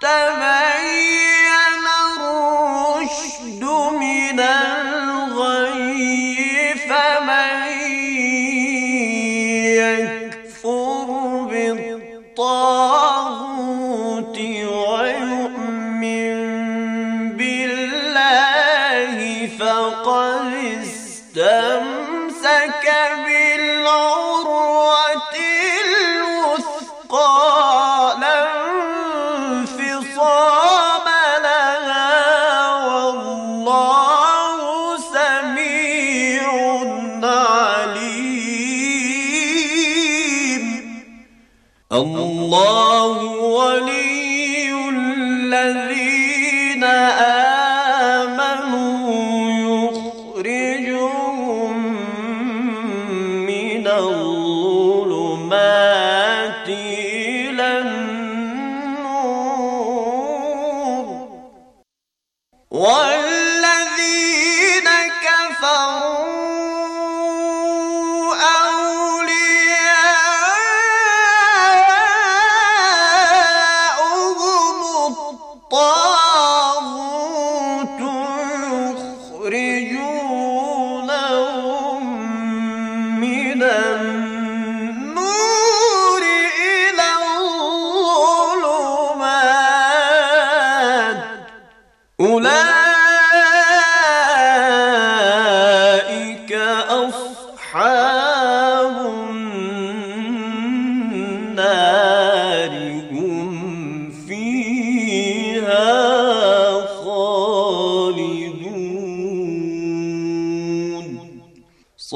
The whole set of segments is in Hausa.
تمام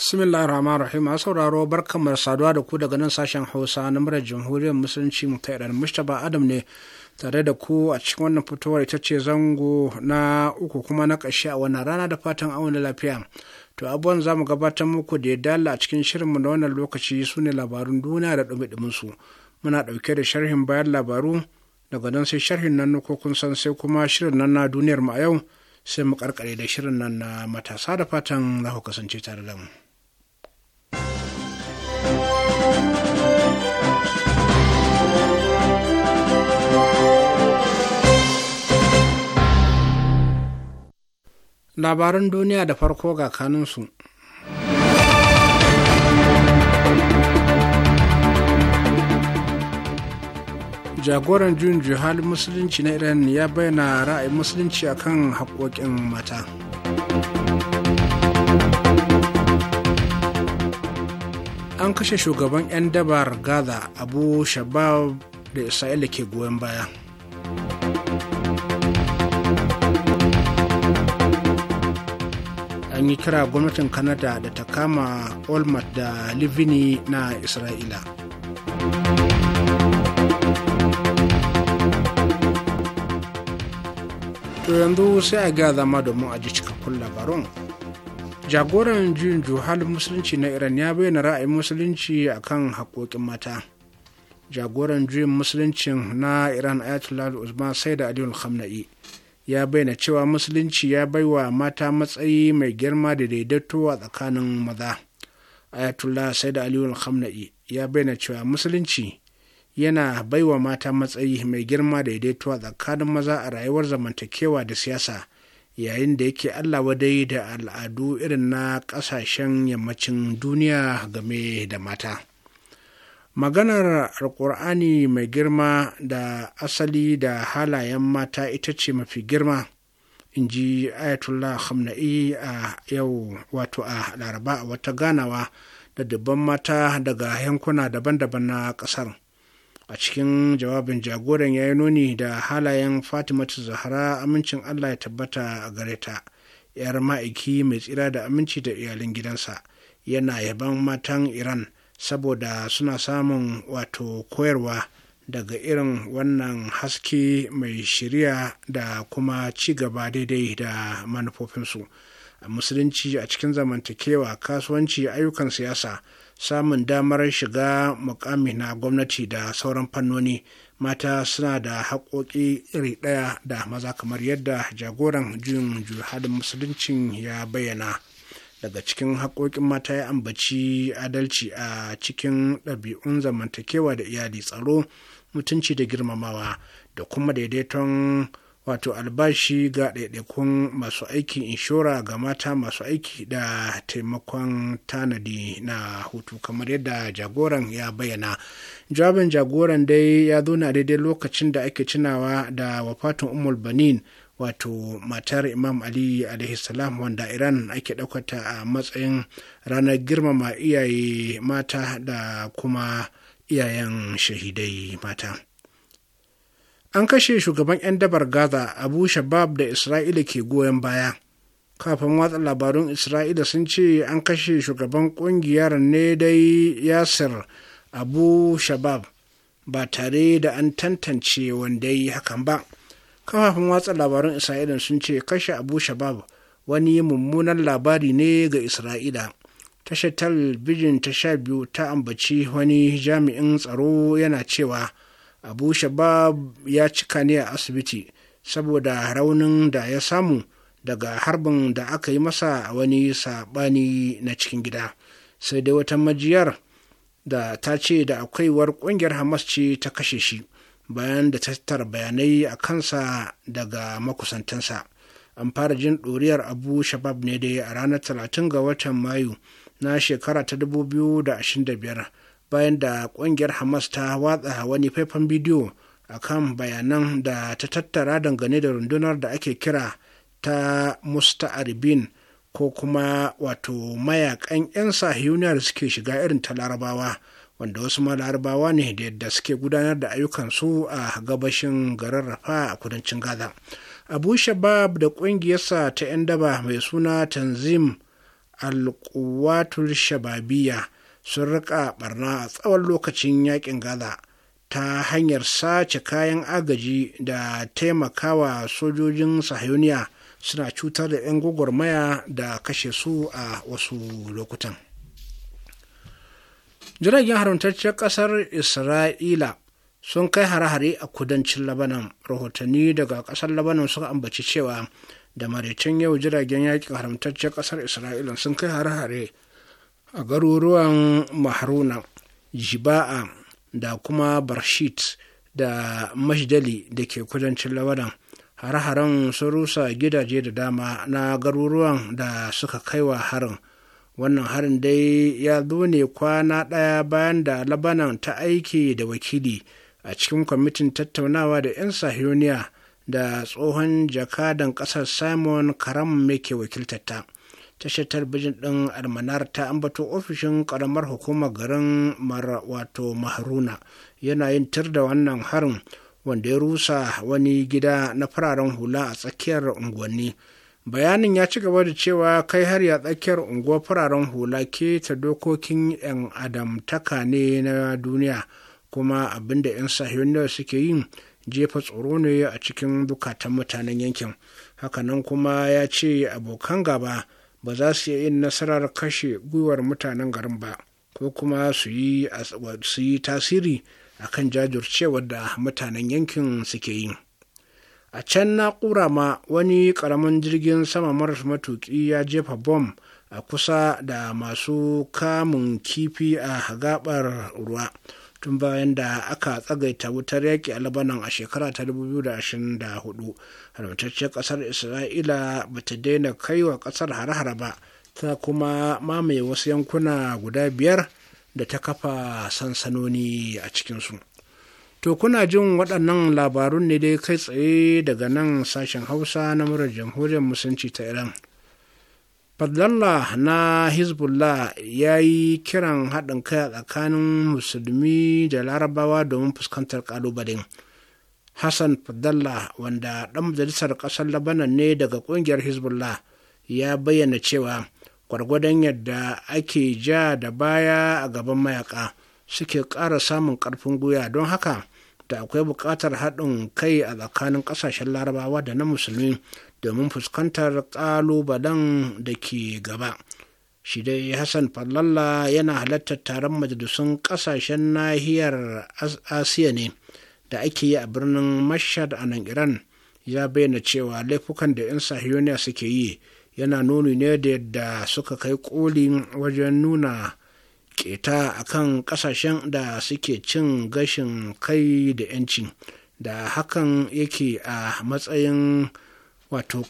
bismillah rahman rahim a sauraro barkamar saduwa da ku daga nan sashen hausa na murar jamhuriyar musulunci ta iran mustapha adam ne tare da ku a cikin wannan fitowar ita ce zango na uku kuma na ƙarshe a wannan rana da fatan auna lafiya to abubuwan za mu gabatar muku da ya dala a cikin shirinmu na wannan lokaci su ne labarun duniya da ɗumi su muna ɗauke da sharhin bayan labaru daga nan sai sharhin nan ko kun san sai kuma shirin nan na duniyar mu a yau sai mu karkare da shirin nan na matasa da fatan za ku kasance tare da mu. labaran duniya da farko ga kanunsu jagoran jun juhal musulunci na iran ya bayyana ra'ayin musulunci a kan haƙoƙin mata an kashe shugaban 'yan dabar gaza abu shabab da isra'ila ke goyon baya an yi kira gwamnatin canada da ta kama olmert da livini na isra'ila to yanzu sai a ga zama domin a ji cikakkun labarun jagoran juyin juhal musulunci na iran ya bayyana ra'ayin musulunci akan haƙoƙin mata jagoran juyin musuluncin na iran ayatollah uzma sai da aliyu khamna'i ya bayyana cewa musulunci ya baiwa mata matsayi mai girma da daidaito a tsakanin maza ayatollah said aliyu alhamna'i ya bayyana cewa musulunci yana baiwa mata matsayi mai girma da daidaito a tsakanin maza a rayuwar zamantakewa da siyasa yayin da yake allah wadai da al'adu irin na ƙasashen yammacin duniya game da mata maganar alkur'ani mai girma da asali da halayen mata ita ce mafi girma in ji ayatollah hamna'i a yau wato a laraba a wata ganawa da dubban mata daga yankuna daban-daban na ƙasar. a cikin jawabin jagoran ya yi nuni da halayen fatimatu zahara amincin allah ya tabbata a gare ta yar ma'aiki mai tsira da aminci da iyalin gidansa yana yaban matan iran saboda suna samun wato koyarwa daga irin wannan haske mai shirya da kuma ci gaba daidai da manufofinsu a musulunci a cikin zamantakewa kasuwanci ayyukan siyasa samun damar shiga mukami na gwamnati da sauran fannoni mata suna da haƙoƙi iri ɗaya da maza kamar yadda jagoran juyin juhadin musuluncin ya bayyana daga cikin haƙoƙin mata ya ambaci adalci a cikin ɗabi'un zamantakewa da iyali tsaro mutunci da girmamawa da kuma daidaiton wato albashi ga ɗaiɗaikun masu aiki inshora ga mata masu aiki da taimakon tanadi na hutu kamar yadda jagoran ya bayyana jawabin jagoran dai ya zo na daidai lokacin da ake cinawa da wafatun umul Benin. wato matar imam ali salam wanda iran ake ɗaukata a matsayin ranar girmama iyaye mata da kuma iyayen shahidai mata an kashe shugaban 'yan dabar gaza abu shabab da isra'ila ke goyon baya kafin watsa labarun isra'ila sun ce an kashe shugaban kungiyar ne dai yasir abu shabab ba tare da an tantance wanda yi hakan ba kafafen watsa labarun isra'ila sun ce kashe abu shabab wani mummunan labari ne ga isra'ila tashar talbijin ta sha biyu ta ambaci wani jami'in tsaro yana cewa abu shabab ya cika ne a asibiti saboda raunin da ya samu daga harbin da aka yi masa a wani saɓani na cikin gida sai dai wata majiyar da ta ce da akwaiwar ƙungiyar hamas ce ta kashe shi bayan da tattara bayanai a kansa daga makusantansa an fara jin ɗoriyar abu shabab ne dai a ranar 30 ga watan mayu na shekara ta 2025 bayan da ƙungiyar hamas ta watsa wani faifan bidiyo a kan bayanan da ta tattara dangane da rundunar da ake kira ta musta'aribin ko kuma wato mayakan 'yan sahiyuniyar suke shiga irin ta larabawa wanda wasu ma ne da yadda suke gudanar da ayyukansu a gabashin garin rafa a kudancin gaza abu shabab da ƙungiyarsa ta 'yan daba mai suna tanzim alkuwatul shababiya sun rika barna a tsawon lokacin yakin gaza ta hanyar sace kayan agaji da taimakawa sojojin sahiyoniya suna cutar da 'yan gwagwarmaya da kashe su a wasu lokutan. jiragen haramtacciyar ƙasar isra'ila sun kai hare-hare a kudancin labanan rahotanni daga ƙasar labanan suka ambaci cewa da maraicin yau jiragen yakin haramtacciyar ƙasar isra'ila sun kai hare-hare a garuruwan maharuna jiba'a da kuma barshit da mashdali da ke kudancin labanan hare-haren sun rusa gidaje da dama na garuruwan da suka kaiwa wa harin wannan harin dai ya zo ne kwana ɗaya bayan da labanan ta aiki da wakili a cikin kwamitin tattaunawa da 'yan sahiyoniya da tsohon jakadan ƙasar simon karam ke wakiltarta tashar talbijin ɗin almanar ta ambato ofishin ƙaramar hukumar garin wato maharuna yana yin tir da wannan harin wanda ya rusa wani gida na fararen hula a tsakiyar unguwanni bayanin ya ci gaba da cewa kai har ya tsakiyar unguwar fararen hula ke ta dokokin 'yan adamtaka ne na duniya kuma abinda 'yan sahiyoniya suke yin jefa tsoro ne a cikin bukatan mutanen yankin hakanan kuma ya ce abokan gaba ba za su yin nasarar kashe gwiwar mutanen garin ba ko kuma su yi tasiri a kan jajircewar da mutanen yankin suke yi. a can na'ura ma wani ƙaramin jirgin sama maras matuƙi ya jefa bom a kusa da masu kamun kifi a gabar ruwa tun bayan da aka tsagaita wutar yaƙi a labanan a shekara ta 2024 haramtacciyar ƙasar isra'ila ba ta daina kai wa ƙasar hara-hara ba ta kuma mamaye wasu yankuna guda biyar da ta kafa sansanoni a cikinsu. To kuna jin waɗannan labarun ne dai kai tsaye daga nan sashen Hausa na murar jamhuriyar musulunci ta Iran. Fadlallah na Hezbollah ya yi kiran haɗin kai a tsakanin musulmi da larabawa domin fuskantar ƙalubalen. Hassan Fadlallah wanda ɗan majalisar ƙasar Labanan ne daga ƙungiyar Hezbollah ya bayyana cewa gwargwadon yadda ake ja da baya a gaban mayaka. suke ƙara samun ƙarfin gwiwa don haka da akwai buƙatar haɗin kai a tsakanin ƙasashen larabawa da na musulmi domin fuskantar ƙalubalen da ke gaba shi dai hassan fallalla yana halartar taron majalisun ƙasashen nahiyar asiya ne da ake yi a birnin mashhad a nan iran ya bayyana cewa laifukan da 'yan sahiyoniya suke yi yana nuni ne da yadda suka kai koli wajen nuna keta a kan ƙasashen da suke cin gashin kai da 'yanci da hakan yake a matsayin wato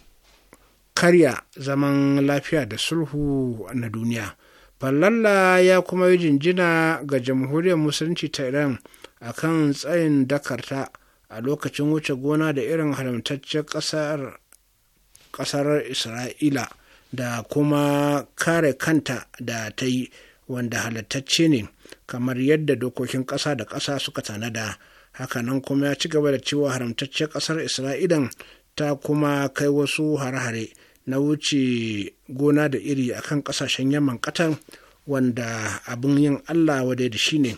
karya zaman lafiya da sulhu na duniya fallalla ya kuma yi jinjina ga jamhuriyar musulunci ta iran a kan tsayin dakarta a lokacin wuce gona da irin haramtaccen ƙasar isra'ila da kuma kare kanta da ta yi wanda halattacce ne kamar yadda dokokin ƙasa da ƙasa suka tanada hakanan kuma ya ci gaba da cewa haramtacce ƙasar isra'ila ta kuma kai wasu harhare hare na wuce gona da iri a kan ƙasashen yamman ƙatan wanda abin yin allah wadai da shi ne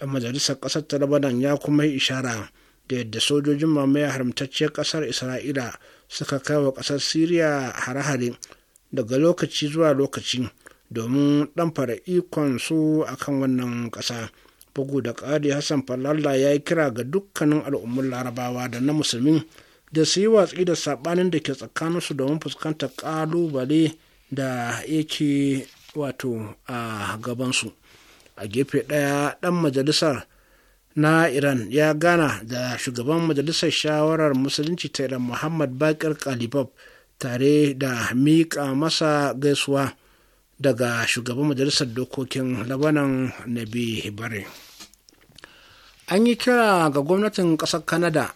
ɗan majalisar ƙasar ta ya kuma yi ishara da yadda sojojin mamaya haramtacciyar ƙasar isra'ila suka kai wa ƙasar siriya hare-hare daga lokaci zuwa lokaci domin ɗanfara ikon su a kan wannan ƙasa bugu da ƙari hassan falalla ya yi kira ga dukkanin al'ummar larabawa da na musulmin da su yi watsi da saɓanin da ke tsakaninsu domin fuskantar ƙalubale da yake wato a gabansu a gefe ɗaya ɗan majalisar na iran ya gana da shugaban majalisar shawarar musulunci ta iran muhammad bakir kalibab tare da miƙa masa gaisuwa daga shugaban majalisar dokokin labanan na bare an yi kira ga gwamnatin ƙasar Kanada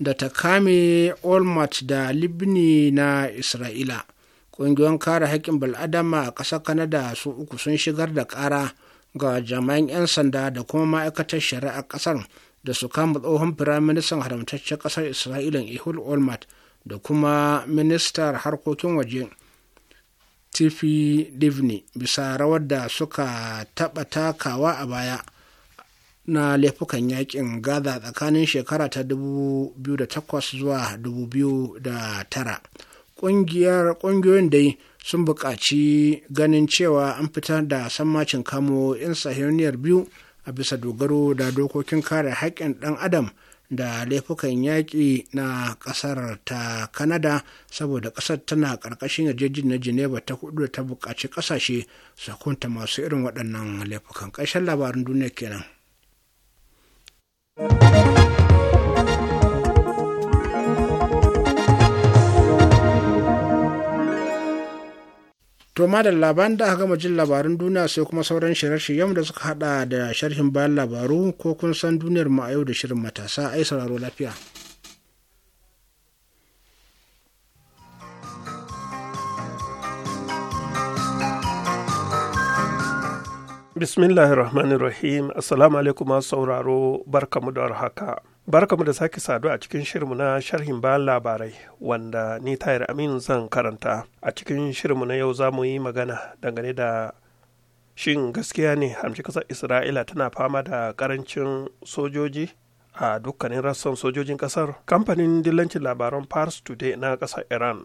da ta kame olmert da libni na isra'ila ƙungiyoyin kare haƙƙin bal'adama a ƙasar Kanada su uku sun shigar da ƙara ga jami'an 'yan sanda da kuma ma'aikatar shari'a ƙasar da su kama tsohon firaministan haramtaccen ƙasar isra'ila ihul olmert da kuma ministar harkokin waje tiffy livni bisa rawar da suka taɓa takawa a baya na laifukan yakin gaza tsakanin shekara ta 2008 zuwa 2009 tara ƙungiyoyin dai sun buƙaci ganin cewa an fitar da sammacin kamo 'yan sahiyoniyar biyu a bisa dogaro da dokokin kare haƙƙin ɗan adam da laifukan yaƙi na ƙasar ta kanada saboda ƙasar tana ƙarƙashin yarjejin na geneva ta hudu da ta buƙaci ƙasashe su hukunta masu irin waɗannan laifukan ƙarshen labarin duniya kenan. to da labaran da aka gama jin labarun duniya sai kuma sauran shirye-shiryen da suka hada da sharhin bayan labaru ko kun san duniyar mu a yau da shirin matasa ai sauraro lafiya Bismillahirrahmanirrahim. assalamu alaikum sauraro barkamu da haka barka mu da sake saduwa a cikin shirinmu na sharhin bayan labarai wanda ni tayar amin zan karanta a cikin shirinmu na yau za mu yi magana dangane da shin gaskiya ne hamshi kasar isra'ila tana fama da karancin sojoji a dukkanin rassan sojojin kasar kamfanin dillancin labaran pars today na kasar iran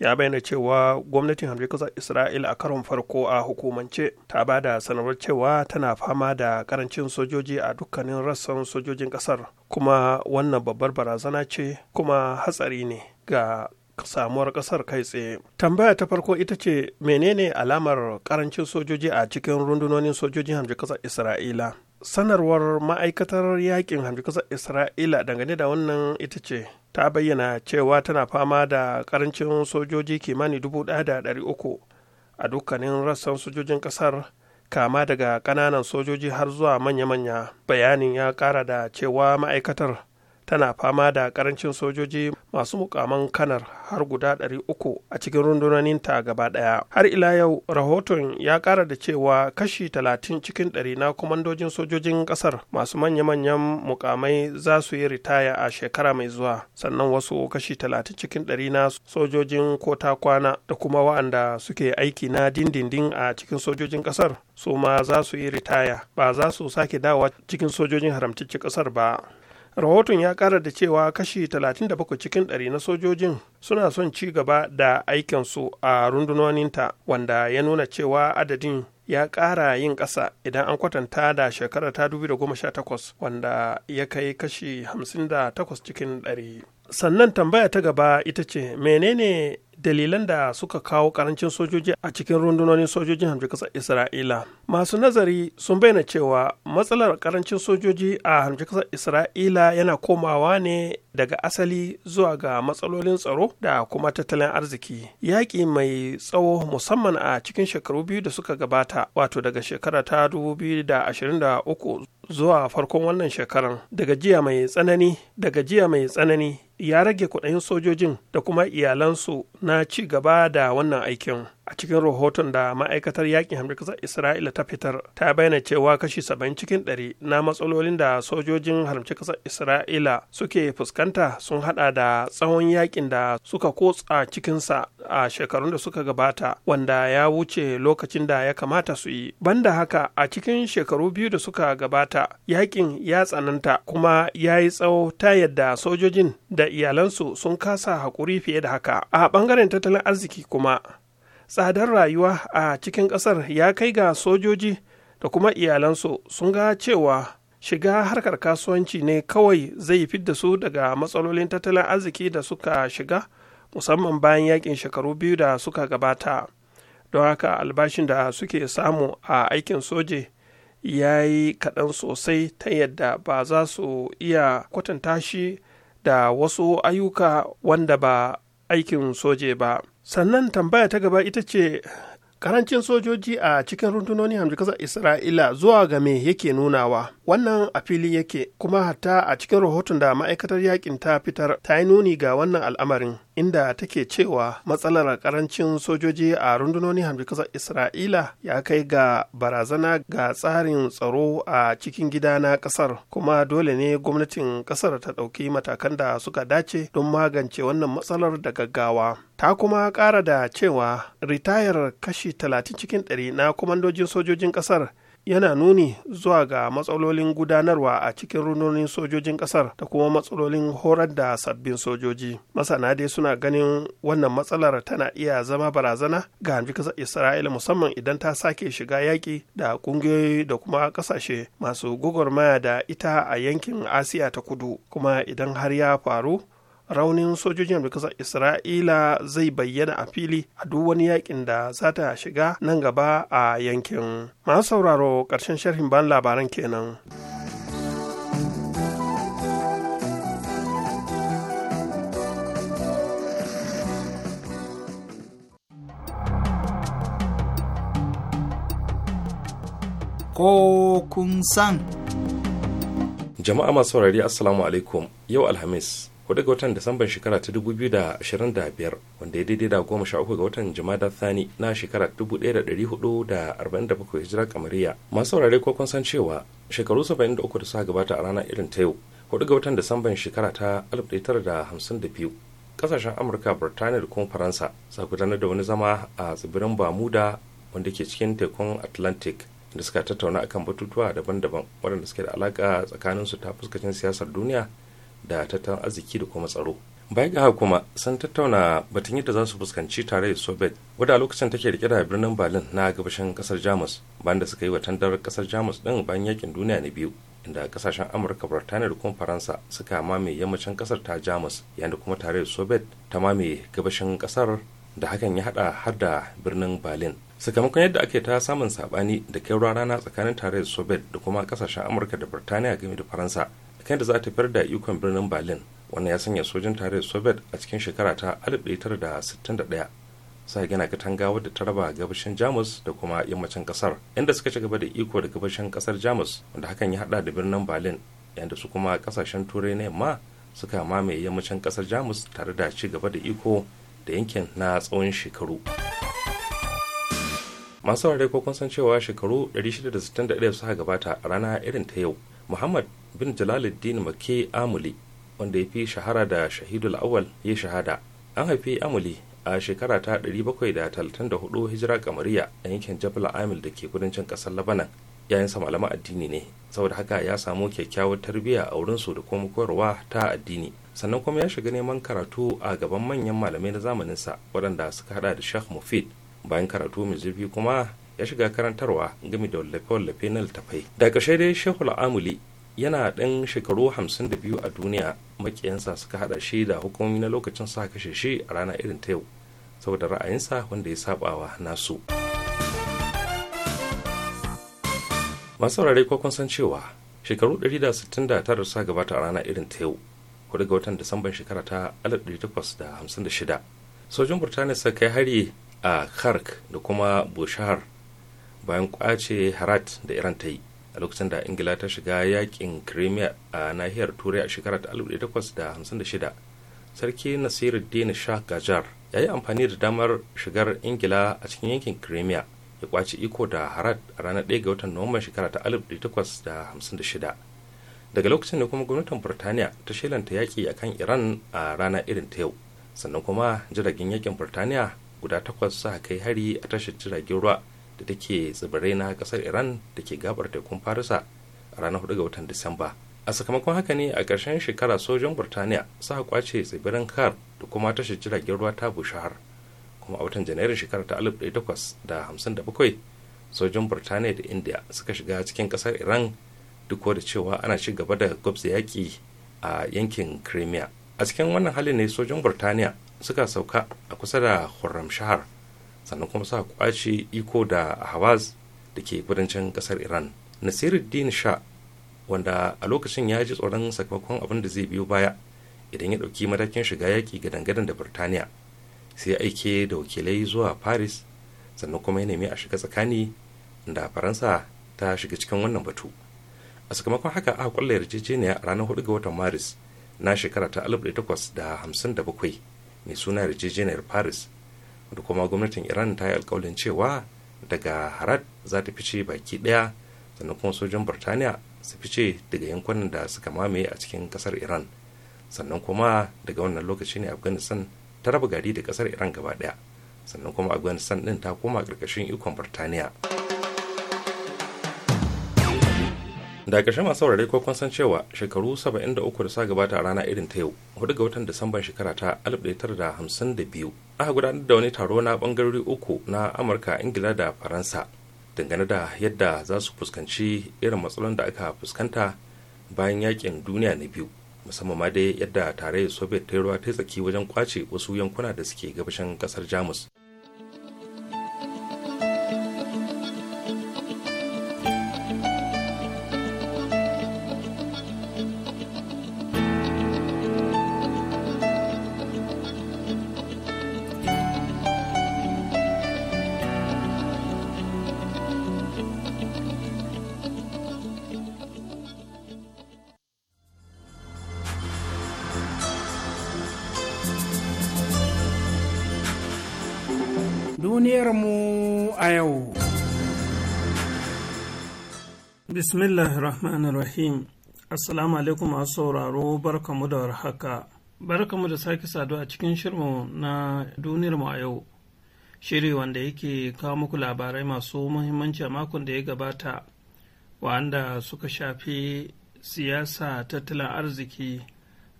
ya bayyana cewa gwamnatin Kasar isra'ila a karon farko a hukumance ta ba da sanarwar cewa tana fama da karancin sojoji a dukkanin rassan sojojin kasar kuma wannan babbar barazana ce kuma hatsari ne ga samuwar kasar kai tsaye tambaya ta farko ita ce menene alamar karancin sojoji a cikin rundunonin sojojin Kasar isra'ila sanarwar ma'aikatar yakin Kasar isra'ila dangane da wannan ita ce ta bayyana cewa tana fama da karancin sojoji kimanin dubu ɗaya da ɗari uku a dukkanin rassan sojojin ƙasar kama daga ƙananan sojoji har zuwa manya-manya bayanin ya ƙara da cewa ma'aikatar tana fama da karancin sojoji masu mukaman kanar har guda 300 a cikin rundunoninta gaba daya har ila yau rahoton ya kara da cewa kashi 30 cikin 100 na kwamandojin sojojin kasar masu manya-manyan mukamai za su yi ritaya a shekara mai zuwa sannan wasu kashi 30 cikin 100 na sojojin kota kwana da kuma wa'anda suke aiki na dindindin a cikin sojojin kasar su ma za su yi ritaya ba za su sake dawa cikin sojojin haramtacci kasar ba rahoton ya kara da cewa kashi 37 cikin 100 na sojojin suna son ci gaba da aikinsu a rundunoninta wanda ya nuna cewa adadin ya kara yin ƙasa idan an kwatanta da shekarar ta 2018 wanda ya kai kashi 58 cikin 100 sannan tambaya ta gaba ita ce menene dalilan da suka kawo karancin sojoji a cikin rundunonin sojojin hamshin kasar isra'ila masu nazari sun bayyana cewa matsalar karancin sojoji a hamshin kasar isra'ila yana komawa ne daga asali zuwa ga matsalolin tsaro da kuma tattalin arziki yaƙi mai tsawo musamman a cikin shekaru biyu da suka gabata wato daga shekara ta 2023 zuwa farkon wannan shekaran daga jiya mai tsanani daga jiya mai tsanani ya rage kudayen sojojin da kuma iyalansu na ci gaba da wannan aikin a cikin rahoton da ma'aikatar yakin hamdar kasar isra'ila ta fitar ta bayyana cewa kashi 70 cikin 100 na matsalolin da sojojin haramci kasar isra'ila suke fuskanta sun hada da tsawon yakin da suka kotsa cikinsa a shekarun da suka gabata wanda ya wuce lokacin da ya kamata su yi banda haka a cikin shekaru biyu da suka gabata yakin ya tsananta kuma ya yi tsawo ta yadda sojojin da iyalansu sun kasa haƙuri fiye da haka a ɓangaren tattalin arziki kuma tsadar rayuwa a cikin ƙasar ya kai ga sojoji da kuma iyalansu sun ga cewa shiga harkar kasuwanci ne kawai zai fidda su daga matsalolin tattalin arziki da suka shiga musamman bayan yakin shekaru biyu da suka gabata don haka albashin da suke samu a aikin soje ya yi kaɗan sosai ta yadda ba za su iya kwatanta shi da wasu ayyuka wanda ba aikin soje ba sannan tambaya ta gaba ita ce karancin sojoji a cikin rundunoni hamji kasar isra'ila zuwa ga me yake nunawa wannan a fili yake kuma hatta a cikin rahoton da ma'aikatar yakin ta fitar ta yi nuni ga wannan al'amarin inda take cewa matsalar karancin sojoji a rundunonin hamdukasar isra'ila ya kai ga barazana ga tsarin tsaro a cikin gida na kasar kuma dole ne gwamnatin kasar ta ɗauki matakan da suka dace don magance wannan matsalar da gaggawa ta kuma ƙara da cewa ritayar kashi 30 cikin 100 na kwamandojin sojojin kasar yana nuni zuwa ga matsalolin gudanarwa a cikin rundunonin sojojin kasar da kuma matsalolin horar da sabbin sojoji masana dai suna ganin wannan matsalar tana iya zama barazana ga hanji kasar isra'ila musamman idan ta sake shiga yaƙi da ƙungiyoyi da kuma ƙasashe masu gwagwarmaya da ita a yankin asiya ta kudu kuma idan har ya faru raunin sojojin rikasar isra'ila zai bayyana a fili a duk wani yakin da za ta shiga nan gaba a yankin masu sauraro ƙarshen sharhin ban labaran kenan. ko kun san. Jama'a masu saurari Assalamu alaikum yau Alhamis hudu ga watan disamban shekara ta 2025 wanda ya daidai da goma sha uku ga watan jimada thani na shekara 1447 hijira kamariya masu saurare ko kun san cewa shekaru 73 da suka gabata a ranar irin ta yau hudu ga watan disamban shekara ta 1952 kasashen amurka birtaniya da kuma faransa sa gudanar da wani zama a tsibirin bamuda wanda ke cikin tekun atlantic da suka tattauna akan batutuwa daban-daban waɗanda suke da alaƙa tsakaninsu ta fuskacin siyasar duniya da tattalin arziki da kuma tsaro baya ga haka kuma sun tattauna batun yadda za su fuskanci tarayyar soviet wadda a lokacin take rike da birnin berlin na gabashin kasar jamus bayan da suka yi tandar kasar jamus din bayan yakin duniya na biyu inda kasashen amurka birtaniya da kuma faransa suka mamaye yammacin kasar ta jamus yayin da kuma tarayyar soviet ta mamaye gabashin kasar da hakan ya hada har da birnin berlin sakamakon yadda ake ta samun sabani da kai rana tsakanin tarayyar soviet da kuma kasashen amurka da birtaniya game da faransa kai da za ta fitar da ikon birnin berlin wannan ya sanya sojin tare tarayyar soviet a cikin shekara ta 1961 sai gina katanga wadda ta raba gabashin jamus da kuma yammacin kasar inda suka ci gaba da iko da gabashin kasar jamus wanda hakan ya hada da birnin berlin yadda su kuma kasashen turai na yamma suka mamaye yammacin kasar jamus tare da ci gaba da iko da yankin na tsawon shekaru masu ko kun san cewa shekaru 661 suka gabata a rana irin ta yau muhammad bin jalaluddin make amuli wanda ya fi shahara da shahidul awal ya shahada an haifi amuli a shekara ta 734 hijira kamariya a yankin jabal amil da ke kudancin kasar labanan sa malamai addini ne saboda haka ya samu kyakkyawar tarbiyya a wurin su da kuma koyarwa ta addini sannan kuma ya shiga neman karatu a gaban manyan malamai na zamanin sa waɗanda suka hada da shah mufid bayan karatu mai zurfi kuma ya shiga karantarwa game da wallafe-wallafe na littattafai. da ƙarshe dai shehul amuli yana ɗan shekaru 52 a duniya makiyansa suka haɗa shi da hukumomi na lokacin sa kashe shi a rana irin ta yau saboda ra'ayinsa wanda ya sabawa nasu masu rarai ko kun san cewa shekaru 169 sa gabata a rana irin ta yau kudu ga watan disamban shekara ta 1856 sojin burtaniya suka kai hari a kark da kuma bushahar bayan kwace harat da iran ta yi a lokacin da ingila ta shiga yakin crimea a nahiyar turai a shekarar 1856 sarki nasiru nasiruddin shah gajar ya yi amfani da damar shigar ingila a cikin yankin crimea ya kwaci iko da harad a ranar 1 ga watan nuwamban shekara ta 1856 daga lokacin da kuma gwamnatin burtaniya ta shelanta yaƙi a kan iran a rana irin ta yau sannan kuma jiragen yakin burtaniya guda takwas suka kai hari a tashar jiragen ruwa da take tsibirai na kasar iran da ke gabar tekun farisa a ranar 4 ga watan disamba a sakamakon haka ne a ƙarshen shekara sojan burtaniya suka kwace tsibirin kar da kuma tashar jiragen ruwa ta bushahar kuma a watan janairun shekara ta 1857 sojan burtaniya da india suka shiga cikin kasar iran duk da cewa ana ci gaba da gwabza yaƙi a yankin crimea a cikin wannan halin ne sojan burtaniya suka sauka a kusa da shahar sannan kuma suka kwace iko da hawaz da ke kudancin kasar iran nasiruddin sha wanda a lokacin ya ji tsoron sakamakon abin da zai biyo baya idan ya ɗauki matakin shiga yaƙi ga dangadan da birtaniya sai aike da wakilai zuwa paris sannan kuma ya nemi a shiga tsakani da faransa ta shiga cikin wannan batu a sakamakon haka aka kwalla yarjejeniya a ranar 4 ga watan maris na shekara ta 1857 mai suna yarjejeniyar paris da kuma gwamnatin iran ta yi alkawalin cewa daga harad za ta fice baki daya sannan kuma sojin burtaniya su fice daga yankunan da suka mamaye a cikin kasar iran sannan kuma daga wannan lokaci ne afghanistan ta raba gari da kasar iran gaba daya sannan kuma afghanistan din ta koma karkashin ikon burtaniya da ƙarshe masu saurare ko kun san cewa shekaru 73 da sa gabata a rana irin ta yau hudu ga watan disamban shekara ta 1952 aka gudanar da wani taro na bangarori uku na amurka ingila da faransa dangane da yadda za su fuskanci irin matsalolin da aka fuskanta bayan yakin duniya na biyu musamman ma dai yadda tarayyar soviet ta yi ruwa ta tsaki wajen kwace wasu yankuna da suke gabashin kasar jamus duniyarmu a yau. Bismillahir Rahmanir Rahim. Assalamu alaikum masu sauraro barkamu da warhaka. Barkamu da sake saduwa a cikin shirmu na duniyarmu a yau. Shiri wanda yake kawo muku labarai masu muhimmanci a makon da ya gabata, wanda suka shafi siyasa, tattalin arziki,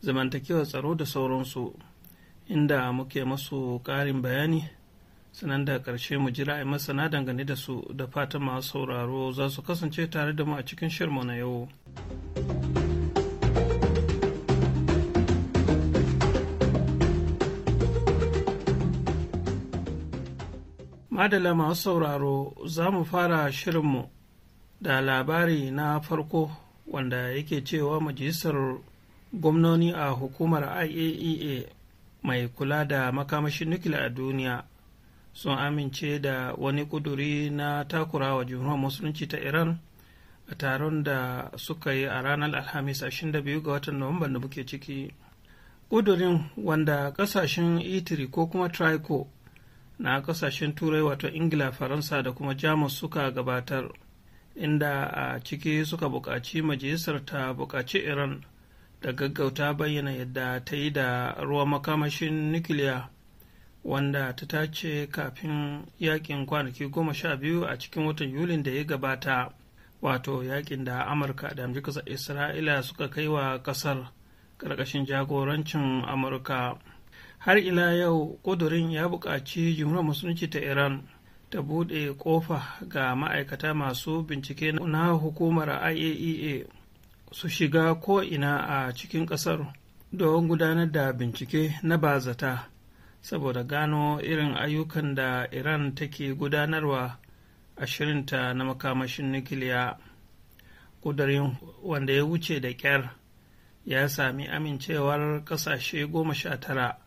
zamantakewar tsaro da sauransu, inda muke masu ƙarin bayani sanan da ƙarshe mu jira a masana dangane da su da fatan masu sauraro za su kasance tare da mu a cikin shirmu na yau. Madala masu sauraro za mu fara shirinmu da labari na farko wanda yake cewa majalisar gwamnoni a hukumar IAEA e mai kula da makamashin nukila a duniya sun amince da wani kuduri na takurawa jumhuriyar musulunci ta iran a taron da suka yi a ranar alhamis 22 ga watan nuwamban da muke ciki kudurin wanda kasashen itiri ko kuma trico na kasashen turai wato ingila faransa da kuma jamus suka gabatar inda a ciki suka buƙaci majalisar ta buƙaci iran da gaggauta bayyana yadda ta yi da ruwan makamashin nukiliya wanda ta tace kafin yakin kwanaki goma sha biyu a cikin watan yulin da ya gabata wato yakin da amurka da amurka isra'ila suka kai wa kasar ƙarƙashin jagorancin amurka har ila yau ƙudurin ya buƙaci jumhuriyar musulunci ta iran ta buɗe ƙofa ga ma'aikata masu bincike na hukumar iaea e su shiga ko'ina a cikin ƙasar don gudanar da bincike na bazata saboda gano irin ayyukan da iran take gudanarwa a shirinta na makamashin nukiliya ƙudurin wanda ya wuce da ƙyar ya sami amincewar ƙasashe goma sha tara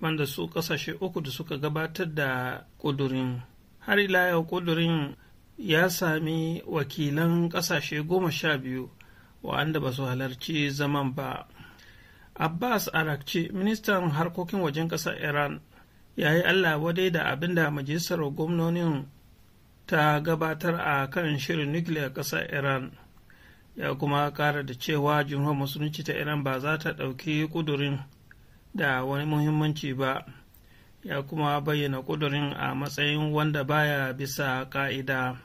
wanda su ƙasashe uku da suka gabatar da ƙudurin har ila yau ƙudurin ya sami wakilan ƙasashe goma sha biyu wa'anda ba su halarci zaman ba Abbas Arakci, ministan harkokin wajen ƙasar Iran, ya yi Allah wadai da abin da majalisar gwamnonin ta gabatar a kan shirin nukiliyar ƙasar Iran. Ya kuma ƙara da cewa jumhuriyar musulunci ta Iran ba za ta ɗauki ƙudurin da wani muhimmanci ba. Ya kuma bayyana ƙudurin a matsayin wanda baya bisa ƙa'ida.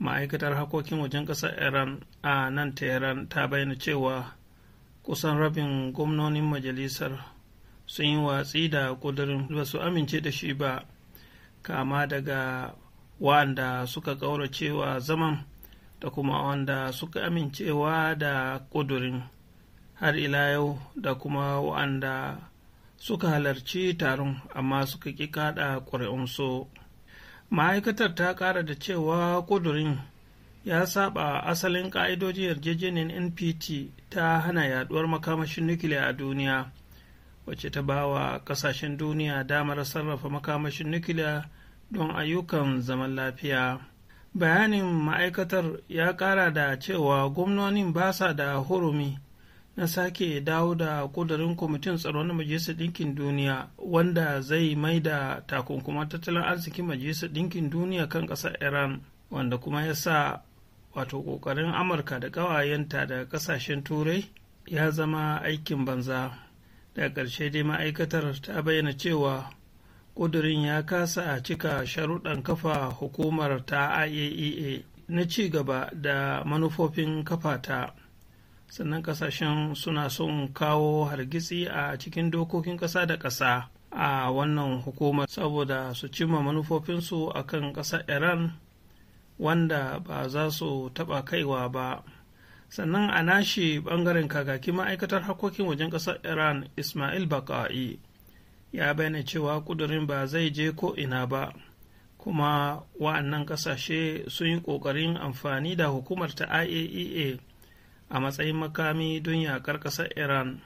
Ma'aikatar harkokin wajen ƙasar Iran a nan Tehran ta bayyana cewa kusan rabin gwamnonin majalisar sun yi watsi da kudurin ba su amince da shi ba kama daga wanda suka kauracewa zaman da kuma wanda suka amincewa da ƙudurin har ila yau da kuma wa'anda suka halarci taron amma suka ƙi kaɗa ƙuri'unsu ma'aikatar ta ƙara da cewa ƙudurin ya saba asalin ƙa'idojin yarjejeniyar npt ta hana yaduwar makamashin nukiliya a duniya wacce ta ba wa ƙasashen duniya damar sarrafa makamashin nukiliya don ayyukan zaman lafiya bayanin ma'aikatar ya ƙara da cewa gwamnonin ba sa da hurumi na sake dawo da ƙudurin kwamitin tsaro na majalisar ɗinkin duniya wanda zai mai da takunkumar tattalin arzikin majalisar ɗinkin duniya kan ƙasar iran wanda kuma ya sa wato ƙoƙarin amurka da ƙawayenta da ƙasashen turai ya zama aikin banza da ƙarshe dai ma'aikatar ta bayyana cewa ƙudurin ya kasa cika sharuɗan kafa hukumar ta iaea e na ci gaba da manufofin kafata, ta sannan ƙasashen suna son kawo hargitsi a cikin dokokin ƙasa da ƙasa a wannan hukumar saboda su cimma manufofinsu akan ƙasa iran wanda ba za su taɓa kaiwa ba sannan a nashi ɓangaren kakaki ma'aikatar harkokin wajen ƙasar iran ismail baka'i ya bayyana cewa ƙudurin ba zai je ko ina ba kuma wa'annan ƙasashe sun yi ƙoƙarin amfani da hukumar ta iaea e a matsayin makami don yaƙar ƙasar iran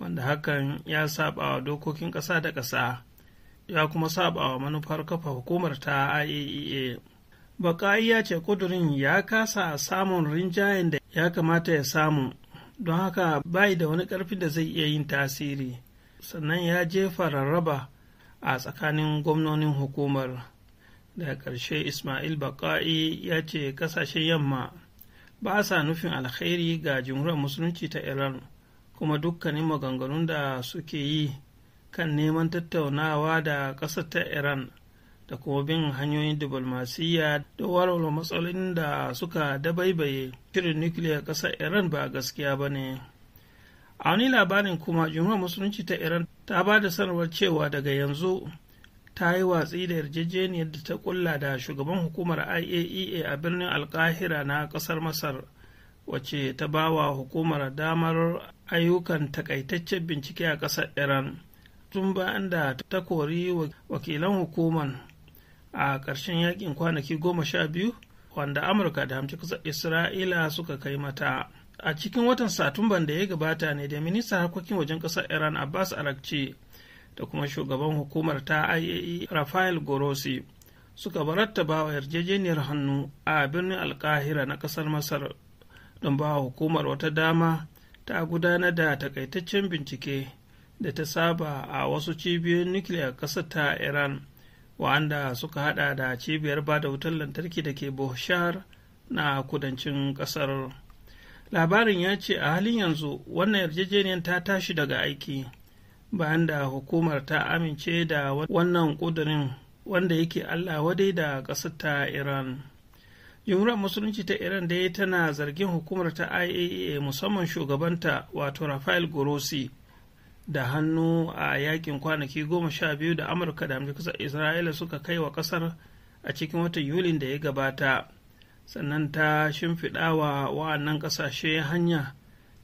wanda hakan ya saba wa dokokin ƙasa da ƙasa ya kuma saba wa manufar kafa hukumar ta iaea e baka'i ya ce ƙudurin ya kasa samun rinjayen da ya kamata ya samu, don haka bai da wani ƙarfi da zai iya yin tasiri, sannan ya jefa rarraba a tsakanin gwamnonin hukumar. Da ƙarshe Ismail Baƙa'i ya ce ƙasashen yamma ba sa nufin alkhairi ga jumhuriyar musulunci ta Iran, kuma dukkanin maganganun da suke yi kan neman tattaunawa da ƙasar ta Iran. da kuma bin hanyoyin diplomasiyya da warware matsalolin da suka dabaibaye shirin nukiliyar ƙasar iran ba gaskiya ba ne a wani labarin kuma jumhuriyar musulunci ta iran ta ba da sanarwar cewa daga yanzu ta yi watsi da yarjejeniyar da ta kulla da shugaban hukumar iaea e a birnin alkahira na ƙasar masar wacce ta ba wa hukumar damar ayyukan takaitaccen bincike a ƙasar iran tun bayan da ta kori wakilan hukumar a ƙarshen yakin kwanaki goma sha biyu wanda amurka da hamci kusa isra'ila suka kai mata a cikin watan satumban da ya gabata ne da minista harkokin wajen ƙasar iran abbas arakci da kuma shugaban hukumar ta iae rafael gorosi suka ba wa yarjejeniyar hannu a birnin alkahira na ƙasar masar don ba hukumar wata dama ta gudanar da takaitaccen bincike da ta saba a wasu cibiyoyin nukiliya ƙasar ta iran wa'anda suka hada da cibiyar ba da wutar lantarki da ke bohshar na kudancin kasar labarin ya ce a halin yanzu wannan yarjejeniyar ta tashi daga aiki bayan da hukumar ta amince da wannan kudurin wanda yake allah wadai da ƙasar ta iran jumhuriyar musulunci ta iran dai tana zargin hukumar ta iaea e musamman shugabanta wato rafael grossi da hannu a yakin kwanaki goma sha biyu da amurka da amurka isra'ila suka kai wa kasar a cikin watan yulin da ya gabata sannan ta shimfiɗa wa wa'annan ƙasashe hanya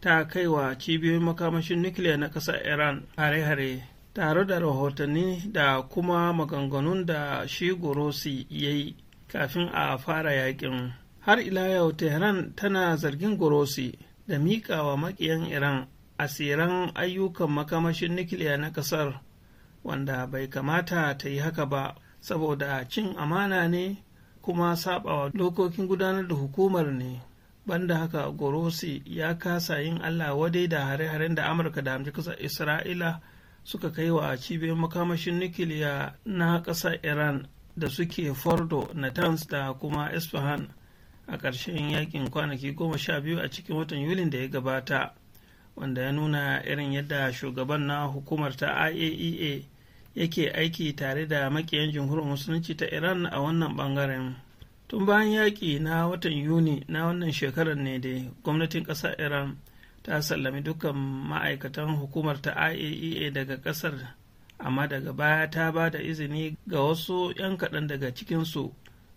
ta kai wa cibiyoyin makamashin nukiliya na ƙasar iran hare-hare tare da rahotanni da kuma maganganun da shi gorosi ya yi kafin a fara yakin har ila yau tehran tana zargin gorosi da miƙa wa maƙiyan iran asiran ayyukan makamashin nukiliya na ƙasar wanda bai kamata ta yi haka ba saboda cin amana ne kuma sabawa dokokin gudanar da hukumar ne banda haka gorosi ya kasa yin allah wadai da hare-haren da amurka da amurka isra'ila suka kai wa cibiyar makamashin nukiliya na ƙasar iran da suke fordo natanz da kuma isfahan a ƙarshen yakin kwanaki goma sha biyu a cikin watan yulin da ya gabata wanda ya nuna irin yadda shugaban na hukumar ta iaea e yake aiki tare da makiyan jamhuriyar musulunci ta iran a wannan bangaren tun bayan yaƙi na watan yuni na wannan shekarar ne dai gwamnatin ƙasar iran ta sallami dukkan ma'aikatan hukumar ta iaea e daga ƙasar amma daga baya ta ba da izini ga wasu 'yan kaɗan daga cikinsu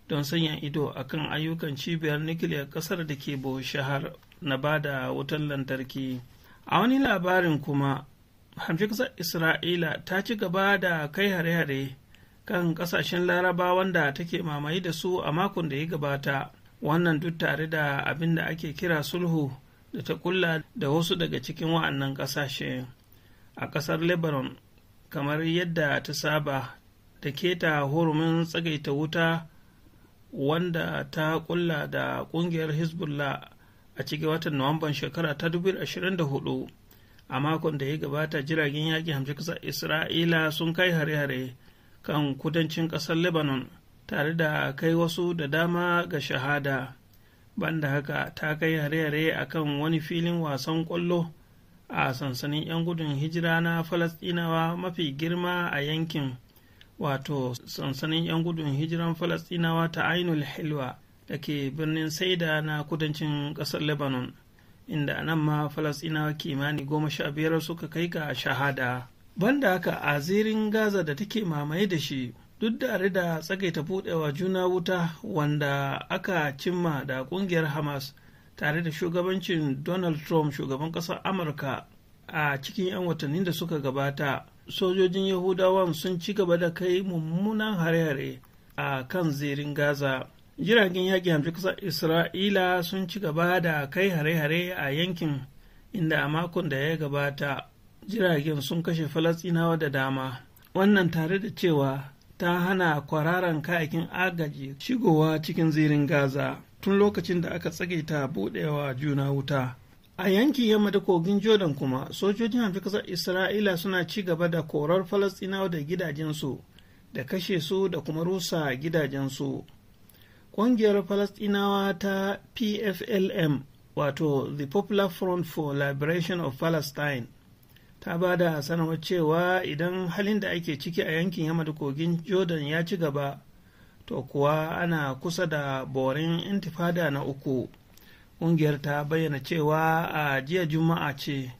don sanya ido a kan ayyukan cibiyar nukiliyar ƙasar da ke shahar na ba da wutan lantarki a wani labarin kuma kasar isra'ila ta ci gaba da kai hare-hare kan kasashen laraba wanda take mamaye da su a makon da ya gabata wannan duk tare da abin da ake kira sulhu da ta kulla da wasu daga cikin wa'annan kasashe a kasar lebanon kamar yadda ta saba da keta hurumin tsagaita wuta wanda ta kulla da ƙungiyar hezbollah a cikin watan nuwamban shekara ta 2024 a makon da ya gabata jiragen yaƙi hamshi kasa isra'ila sun kai hare-hare kan kudancin ƙasar lebanon tare da kai wasu da dama ga shahada banda haka ta kai hare-hare a kan wani filin wasan kwallo a sansanin 'yan gudun hijira na falasɗinawa mafi girma a yankin wato sansanin 'yan gudun hijiran falasɗinawa ta ainul hilwa da ke birnin saida na kudancin ƙasar lebanon inda a nan ma falasɗinawa kimani goma sha biyar suka kai ga shahada banda haka a zirin gaza da take mamaye da shi duk da da tsagaita buɗewa juna wuta wanda aka cimma da ƙungiyar hamas tare da shugabancin donald trump shugaban ƙasar amurka a cikin 'yan watannin da suka gabata sojojin yahudawan sun ci gaba da kai mummunan hare-hare a kan zirin gaza jiragen yaƙi hamsin kusa isra'ila sun ci gaba da kai hare-hare a yankin inda a makon da ya gabata jiragen sun kashe falastinawa da dama wannan tare da cewa ta hana kwararan kayakin agaji shigowa cikin zirin gaza tun lokacin da aka tsage ta buɗewa juna wuta a yankin yamma da kogin jordan kuma sojojin hamsin kasar isra'ila suna ci gaba da korar falastinawa da gidajensu da kashe su da kuma rusa gidajensu ƙungiyar falastinawa ta pflm wato the popular front for liberation of palestine ta ba da sanarwar cewa idan halin da ake ciki a yankin yamma da kogin jordan ya ci gaba to kuwa ana kusa da borin intifada na uku ƙungiyar ta bayyana cewa a jiya juma'a ce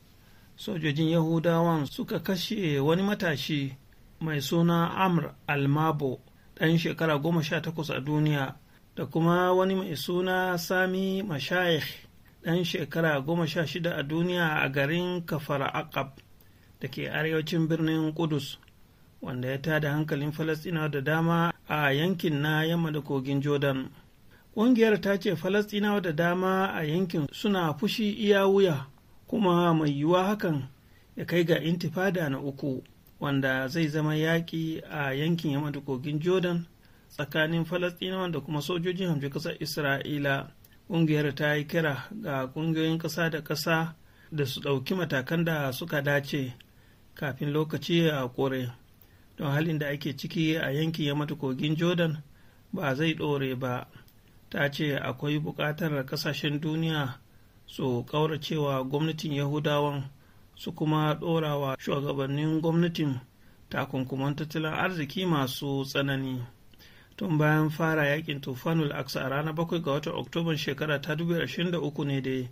sojojin yahudawan suka kashe wani matashi mai suna amr almabo ɗan shekara goma sha takwas a duniya da kuma wani mai suna sami mashayikh ɗan shekara goma sha shida a duniya a garin kafar aqab da ke arewacin birnin kudus wanda ya tada hankalin falastinawa da dama a yankin na yamma da kogin jordan ƙungiyar ta ce falasɗinawa da dama a yankin suna fushi iya wuya kuma mai yiwuwa hakan ya kai ga intifada na uku wanda zai zama yaƙi a yankin yamma da kogin jordan tsakanin Falasɗinawa, da kuma sojojin hamshe ƙasar isra'ila ƙungiyar ta yi kira ga ƙungiyoyin ƙasa da ƙasa da su ɗauki matakan da suka dace kafin lokaci a kore don halin da ake ciki a yankin yamata kogin jordan ba zai ɗore ba ta ce akwai buƙatar ƙasashen duniya su ƙauracewa gwamnatin yahudawan su kuma ɗorawa shugabannin gwamnatin takunkuman tattalin arziki masu tsanani. tun bayan fara yakin tufanul aksa a ranar bakwai ga watan oktoban shekara ta uku ne dai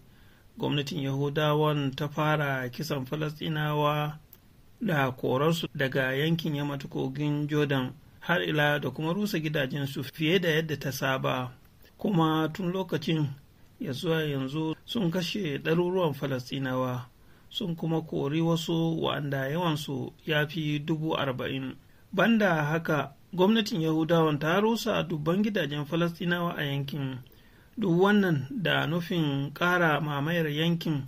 gwamnatin yahudawan ta fara kisan falastinawa da korarsu daga yankin yamata kogin jordan har ila da kuma rusa gidajensu fiye da yadda ta saba kuma tun lokacin ya zuwa yanzu sun kashe ɗaruruwan falastinawa sun kuma kori wasu wa'anda yawansu ya fi dubu arba'in banda haka gwamnatin Yahudawa ta rusa dubban gidajen falastinawa a yankin duk wannan da nufin ƙara mamayar yankin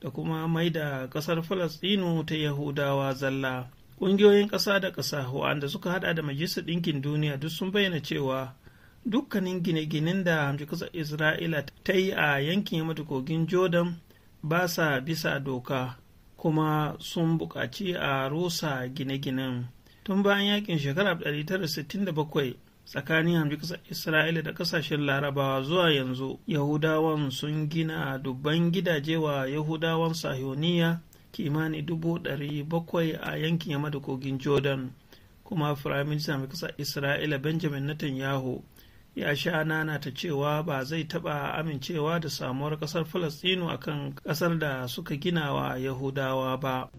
da kuma mai da ƙasar falastinu ta yahudawa zalla ƙungiyoyin ƙasa da ƙasa wa'anda suka hada da majalisar ɗinkin duniya duk sun bayyana cewa dukkanin gine-ginen da hamshi isra'ila ta yi a yankin matukogin jordan ba sa bisa doka kuma sun buƙaci a rusa gine-ginen tun bayan yakin shekara 1967 tsakanin hamdukasar isra'ila da kasashen larabawa zuwa yanzu yahudawan sun gina dubban gidaje wa yahudawan sahioniya kimani dubu bakwai a yankin yamma da kogin jordan kuma firaminista mai kasar isra'ila benjamin netanyahu ya sha nana ta cewa ba zai taba amincewa da samuwar ƙasar falastinu akan ƙasar da suka gina wa yahudawa ba.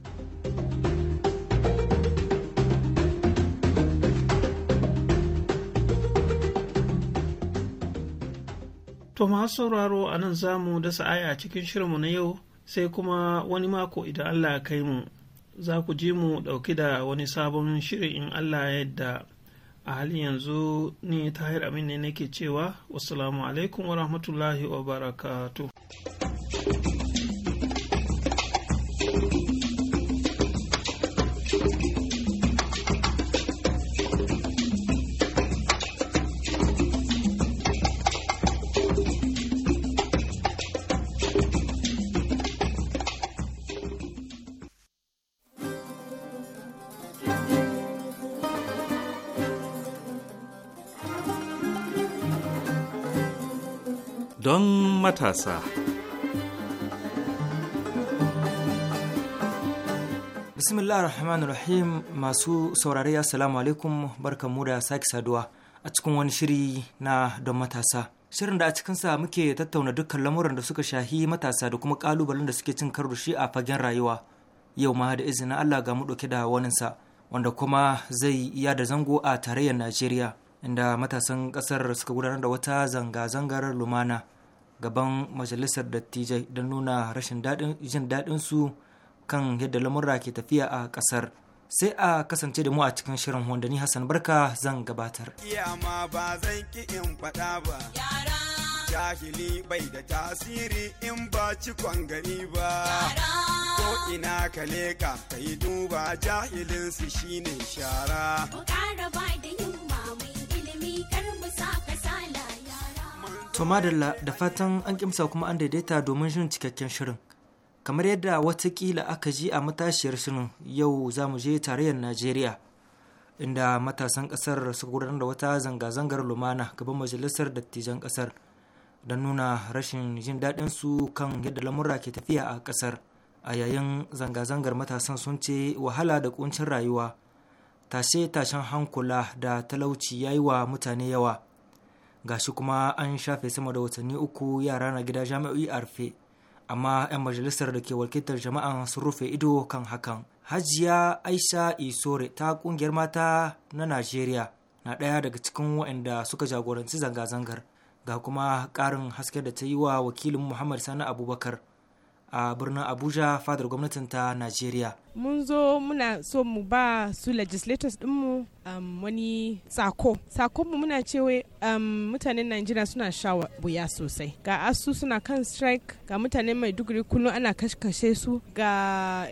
To masu sauraro a nan za mu dasa aya cikin shirinmu na yau sai kuma wani mako idan Allah ya kai mu za ku ji mu ɗauki da wani sabon shirin in Allah yadda a halin yanzu ta tahir amin ne nake cewa wasu alaikum wa rahmatullahi wa barakatu. matasa. Bismillah rahman rahim masu saurare assalamu alaikum barkanmu da sake saduwa a cikin wani shiri na don matasa. Shirin da a cikinsa muke tattauna dukkan lamuran da suka shahi matasa da kuma kalubalen da suke cin karo shi a fagen rayuwa. Yau ma da izinin Allah ga mu ɗauke da waninsa wanda kuma zai iya da zango a tarayyar Najeriya. inda matasan ƙasar suka gudanar da wata zanga-zangar lumana gaban majalisar dattijai don nuna rashin jin daɗin su kan yadda lamurra ke tafiya a ƙasar sai a kasance da mu a cikin shirin hondani hassan barka zan gabatar kiyama ba zan ki in faɗa ba jahili bai da tasiri in ba ci gani ba ko ina ka leka ka yi duba jahilinsu su shine shara mu ba da yin mamun ilimi kar mu sa To madalla da fatan an kimsa kuma an daidaita domin shirin cikakken shirin. Kamar yadda watakila aka ji a matashiyar shirin yau za mu je tarayyar Najeriya. Inda matasan ƙasar suka gudanar da wata zanga-zangar lumana gaban majalisar dattijan ƙasar don nuna rashin jin daɗin su kan yadda lamura ke tafiya a ƙasar. A yayin zanga-zangar matasan sun ce wahala da ƙuncin rayuwa, tashe-tashen hankula da talauci ya yi wa mutane yawa. gashi kuma an shafe sama da watanni uku yara na gida jami'o'i a rufe amma 'yan majalisar da ke wakiltar jama'an sun rufe ido kan hakan hajiya aisha isore ta ƙungiyar mata na najeriya na ɗaya daga cikin waɗanda suka jagoranci zanga-zangar ga kuma ƙarin haske da ta yi wa wakilin muhammad sani abubakar a birnin abuja fadar gwamnatin ta najeriya mun zo muna so mu ba su legislators dinmu um, wani sako mu muna cewa um, mutanen najeriya suna sha buya sosai ga asu suna kan strike ga mutane maiduguri kullum ana kashe su ga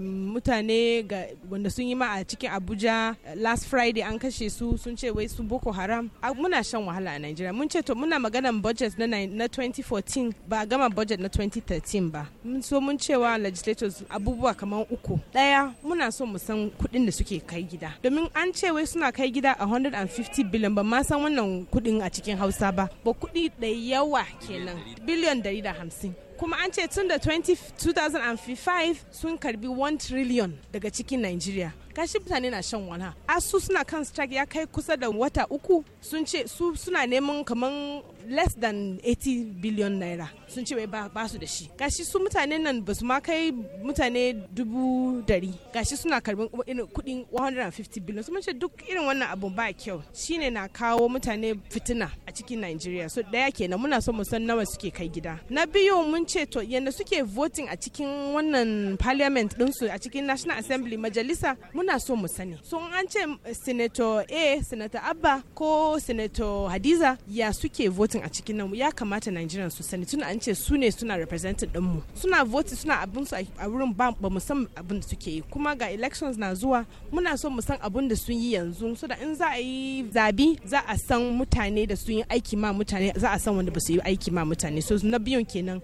mutane ga wanda sun yi ma a cikin abuja last friday an kashe su sun ce wai su boko haram muna shan wahala a najeriya mun ce to muna maganan budget na, na 2014 ba gama budget na 2013 ba so mun cewa legislators abubuwa kamar uku Daya muna so mu san kuɗin da suke kai gida. Domin an ce wai suna kai gida a 150 biliyan ba ma san wannan kuɗin a cikin Hausa ba. Ba kuɗi da yawa kenan. Biliyan 150. kuma an ce tun da 20, 2005 sun karbi 1 trillion daga cikin Nigeria gashi mutane na shan wani asu suna kan strike ya kai kusa da wata uku sun ce su suna neman kamar less than 80 billion naira sun ce wai ba su da shi gashi su mutanen nan ba su ma kai mutane dubu dari gashi suna karbin irin kudin 150 billion sun ce duk irin wannan abu ba kyau shine na kawo mutane fitina a cikin nigeria so daya kenan muna so mu san nawa suke kai gida na biyu mun ce to yanda suke voting a cikin wannan parliament din su a cikin National Assembly majalisa muna so mu sani so an ce eh, senator a senator abba ko senator hadiza ya suke voting a cikin nan ya kamata nigerian su sani tun an ce su ne suna representing dinmu suna voting suna abin su a wurin ba mu san abin da suke yi kuma ga elections na zuwa muna so mu san abin da sun yi yanzu so da in za a yi zabi za a san mutane da sun yi aiki ma mutane za a san wanda ba su yi aiki ma mutane so na biyun kenan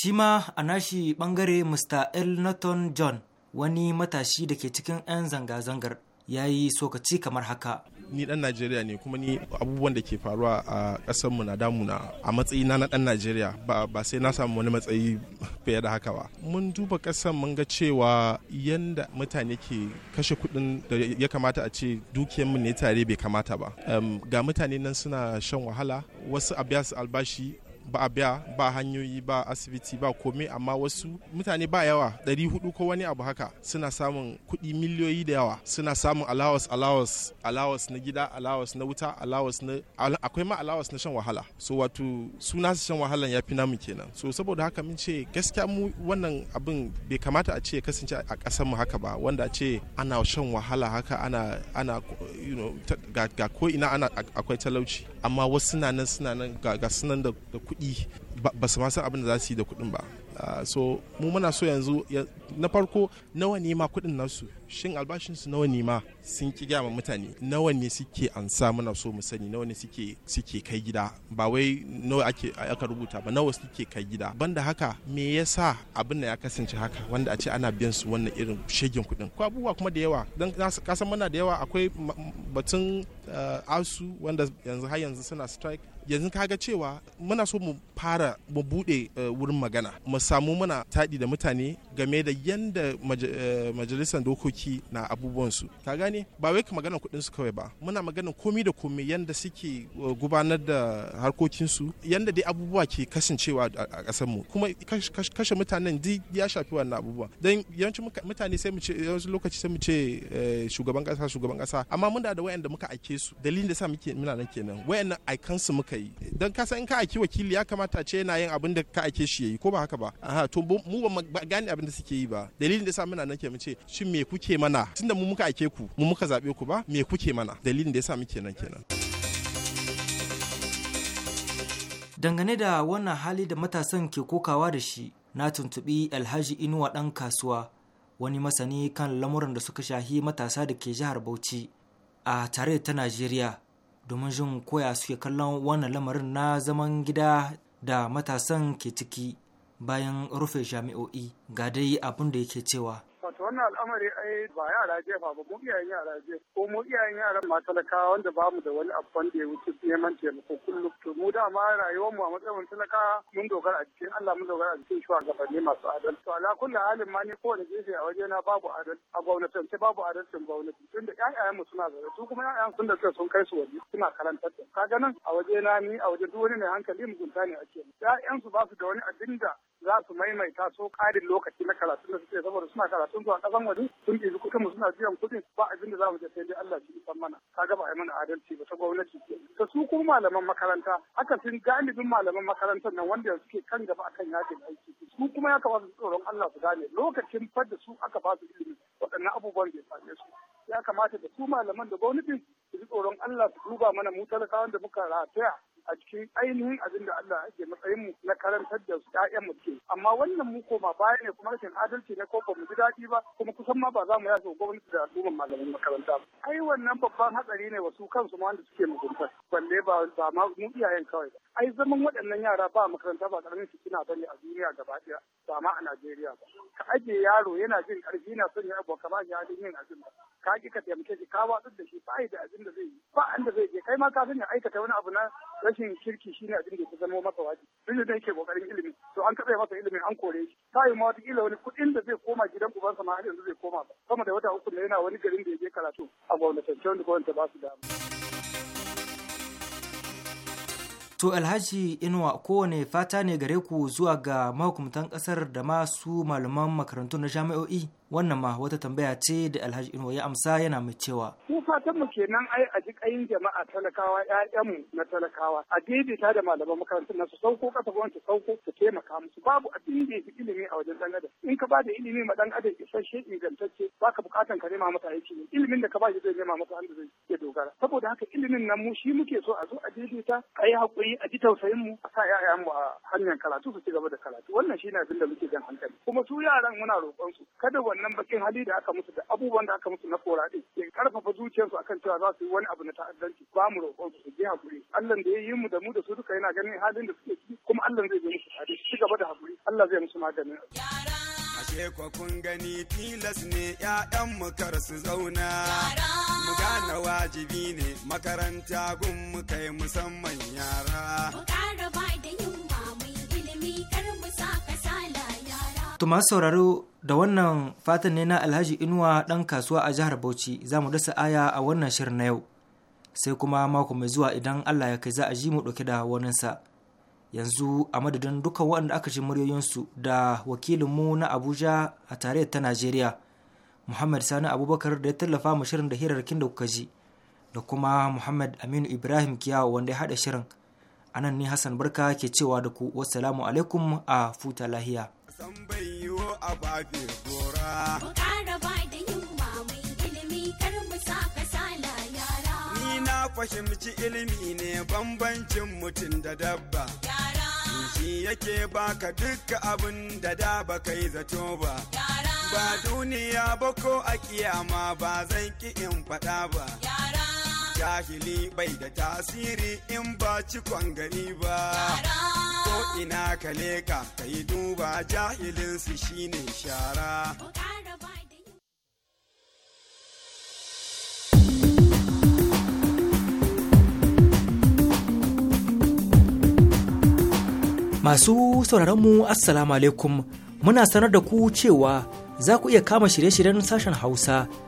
Shi ma a nashi bangare Mr. Elnaton John wani matashi da ke cikin 'yan zanga-zangar ya yi sokaci kamar haka. Ni dan Najeriya ne kuma ni abubuwan da ke faruwa a ƙasarmu na damuna a matsayi na dan Najeriya ba sai na samu wani matsayi fiye da haka ba. Mun duba ƙasar mun ga cewa yadda mutane ke kashe kuɗin da ya kamata a ce dukiyarmu ne tare bai kamata ba. Ga mutane nan suna shan wahala wasu a albashi ba a biya ba hanyoyi ba asibiti ba komai amma wasu mutane ba yawa ɗari hudu ko wani abu haka suna samun kuɗi miliyoyi da yawa suna samun alawas alawas alawas na gida alawas na wuta alawas na akwai ma alawas na shan wahala so wato suna su shan wahalan ya fi namu kenan so saboda haka mun ce gaskiya mu wannan abin bai kamata a ce kasance a ƙasar mu haka ba wanda ce ana shan wahala haka ana ana you know ga ko ina ana akwai talauci amma wasu na nan suna nan ga sunan da kuɗi kuɗi ba su san abin da za su yi da kuɗin ba ah, so mu muna so yanzu na farko nawa ne ma kuɗin nasu shin albashinsu nawa ne ma sun ki gaya mutane nawa ne suke ansa muna so mu sani nawa ne suke suke kai gida ba wai nawa ake aka rubuta ba nawa suke kai gida banda haka me yasa abin da ya kasance haka wanda a ce ana biyan su wannan irin shegin kuɗin ko abubuwa kuma da yawa dan kasan muna da yawa akwai batun asu ah, wanda yanzu har yanzu suna strike yanzu kaga cewa muna so mu fara mu bude eh, wurin magana mu samu muna taɗi da mutane game da yadda eh, majalisar dokoki na abubuwansu ka gane ba wai ka magana kuɗin su kawai ba muna magana komi da komi yadda suke eh, gudanar da harkokinsu yadda dai abubuwa ke kasancewa a ƙasar mu kuma kashe mutanen di ya shafi wannan abubuwa don yawancin mutane sai mu ce yawancin lokaci sai mu ce shugaban ƙasa shugaban ƙasa amma muna da wayanda muka aike su dalilin da sa muke muna nan kenan wayannan aikansu muka yi don ka san in ka aiki wakili ya kamata ce yana yin abin da ka aike shi yayi ko ba haka ba aha to mu ba gane abin da suke yi ba dalilin da yasa muna nan kenan ce shin me kuke mana tunda mu muka aike ku mu muka zabe ku ba me kuke mana dalilin da yasa muke nan kenan dangane da wannan hali da matasan ke kokawa da shi na tuntubi alhaji inuwa dan kasuwa wani masani kan lamuran da suka shahi matasa da ke jihar bauchi a tare ta najeriya domin jin koya suke kallon wannan lamarin na zaman gida da matasan ke ciki bayan rufe jami'o'i ga dai abin da yake cewa wannan al'amari ai ba yara jefa ba mu iyayen yara je ko mu iyayen yara ma talakawa wanda ba mu da wani abban da ya wuce neman taimako kullum to mu ma rayuwar mu a matsayin talakawa mun dogara a cikin Allah mun dogara a cikin shugabanni masu adalci to ala kullu halin ma ni kowane gefe a waje na babu adalci a gwamnatance babu adalcin gwamnati tunda ƴaƴayen mu suna zaune su kuma ƴaƴan sun da suka sun kai su waje suna karantar da kaga nan a waje na ni a waje duk wani mai hankali mugunta ne ake ƴaƴan su ba su da wani abin da za su maimaita so karin lokaci na karatun da suke saboda suna karatun zuwa ƙasan waje sun ɗibi kuɗin mu suna biyan kuɗin ba abin da za mu je sai dai Allah shi san mana ka ga ba a yi mana adalci ba ta gwamnati ta su kuma malaman makaranta haka sun galibin malaman makarantar nan wanda suke kan gaba akan yakin aiki su kuma ya kamata su tsoron Allah su gane lokacin fadda su aka ba su ilimi waɗannan abubuwan bai same su ya kamata da su malaman da gwamnati su ji tsoron Allah su duba mana mu talakawan da muka rataya a cikin ainihin abin da Allah ke matsayin mu na karantar da su ƴaƴan mu ke amma wannan mu koma baya ne kuma rashin adalci ne ko ba mu ji daɗi ba kuma kusan ma ba za mu yafe gwamnati da al'umman malaman makaranta ba ai wannan babban hatsari ne wasu kansu ma wanda suke mugunta balle ba ba ma mu iyayen kawai ba ai zaman waɗannan yara ba makaranta ba ƙaramin fitina bane a duniya gaba ɗaya ba ma a Najeriya ba ka ajiye yaro yana jin ƙarfi yana son ya abu kamar ya halin yin abin ka ki ka taimake shi ka watsar da shi ba da abin da zai yi ba an zai je kai ma ka sani aikata wani abu na rashin kirki shine abin da ya zama masa waje. duk da yake ƙoƙarin ilimi to an katsaye masa ilimin an kore shi ta yi ma ƙila wani kuɗin da zai koma gidan ubansa ma har yanzu zai koma ba sama da wata uku ne yana wani garin da ya je karatu a gwamnatance wanda gwamnati ba su damu. To Alhaji Inuwa kowane fata ne gare ku zuwa ga mahukumtan ƙasar da masu malaman makarantu na jami'o'i? wannan ma wata tambaya ce da alhaji inuwa ya amsa yana mai cewa mu fatan mu kenan ai a ji kayin jama'a talakawa ƴaƴanmu na talakawa a daidaita da malaman makarantar nasu sauko kasa gwamnati su sauko su taimaka musu babu abin da yafi ilimi a wajen dan adam in ka ba da ilimi ma dan adam isasshe ingantacce baka bukatan ka nema masa aiki ne ilimin da ka ba shi zai nema masa hannu zai ke dogara saboda haka ilimin nan mu shi muke so a zo a daidaita a yi hakuri a ji tausayin mu a sa mu a hanyar karatu su ci gaba da karatu wannan shi ne abin da muke jan hankali kuma su yaran muna roƙon su kada wani wannan bakin hali da aka musu da abubuwan da aka musu na koraɗe ya karfafa zuciyarsu akan cewa za su yi wani abu na ta'addanci ba mu roƙon su je hakuri Allah da ya yi mu da mu da su duka yana ganin halin da suke ciki kuma Allah zai yi musu tare ci gaba da hakuri Allah zai musu maganin Ashe ko kun gani tilas ne 'ya'yan mu kar su zauna mu gane wajibi ne makaranta gun mu kai musamman yara mu ƙara ba da yunwa mu ilimi kar mu sa To masu sauraro da wannan fatan ne na Alhaji Inuwa ɗan kasuwa a jihar Bauchi za mu dasa aya a wannan shirin na yau. Sai kuma mako mai zuwa idan Allah ya kai za a ji mu ɗauke da waninsa. Yanzu a madadin dukkan waɗanda aka ji muryoyinsu da wakilinmu na Abuja a tarayyar ta Najeriya. Muhammad Sani Abubakar da ya tallafa mu shirin da hirarkin da kuka ji. Da kuma Muhammad Aminu Ibrahim Kiyawa wanda ya haɗa shirin. anan ni Hassan Barka ke cewa da ku wassalamu alaikum a futa lahiya. san bayyo a bafe gora. ƙara ba da yunwa mai ilimi kar mu sa kasala yara. Ni na fahimci ilimi ne bambancin mutum da dabba. Yara. Shi yake baka dukka abin da da ba kai zato ba. Yara. Ba duniya ba ko a kiyama ba zan ki in faɗa ba. Yara. jahili bai da tasiri in ba cikon gani ba ko ina ka leka ka yi duba su shine shara Masu mu Assalamu alaikum muna sanar da ku cewa za ku iya kama shirye-shiryen sashen Hausa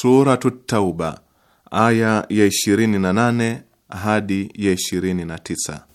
Suratu Tauba aya ya 28 hadi ya 29.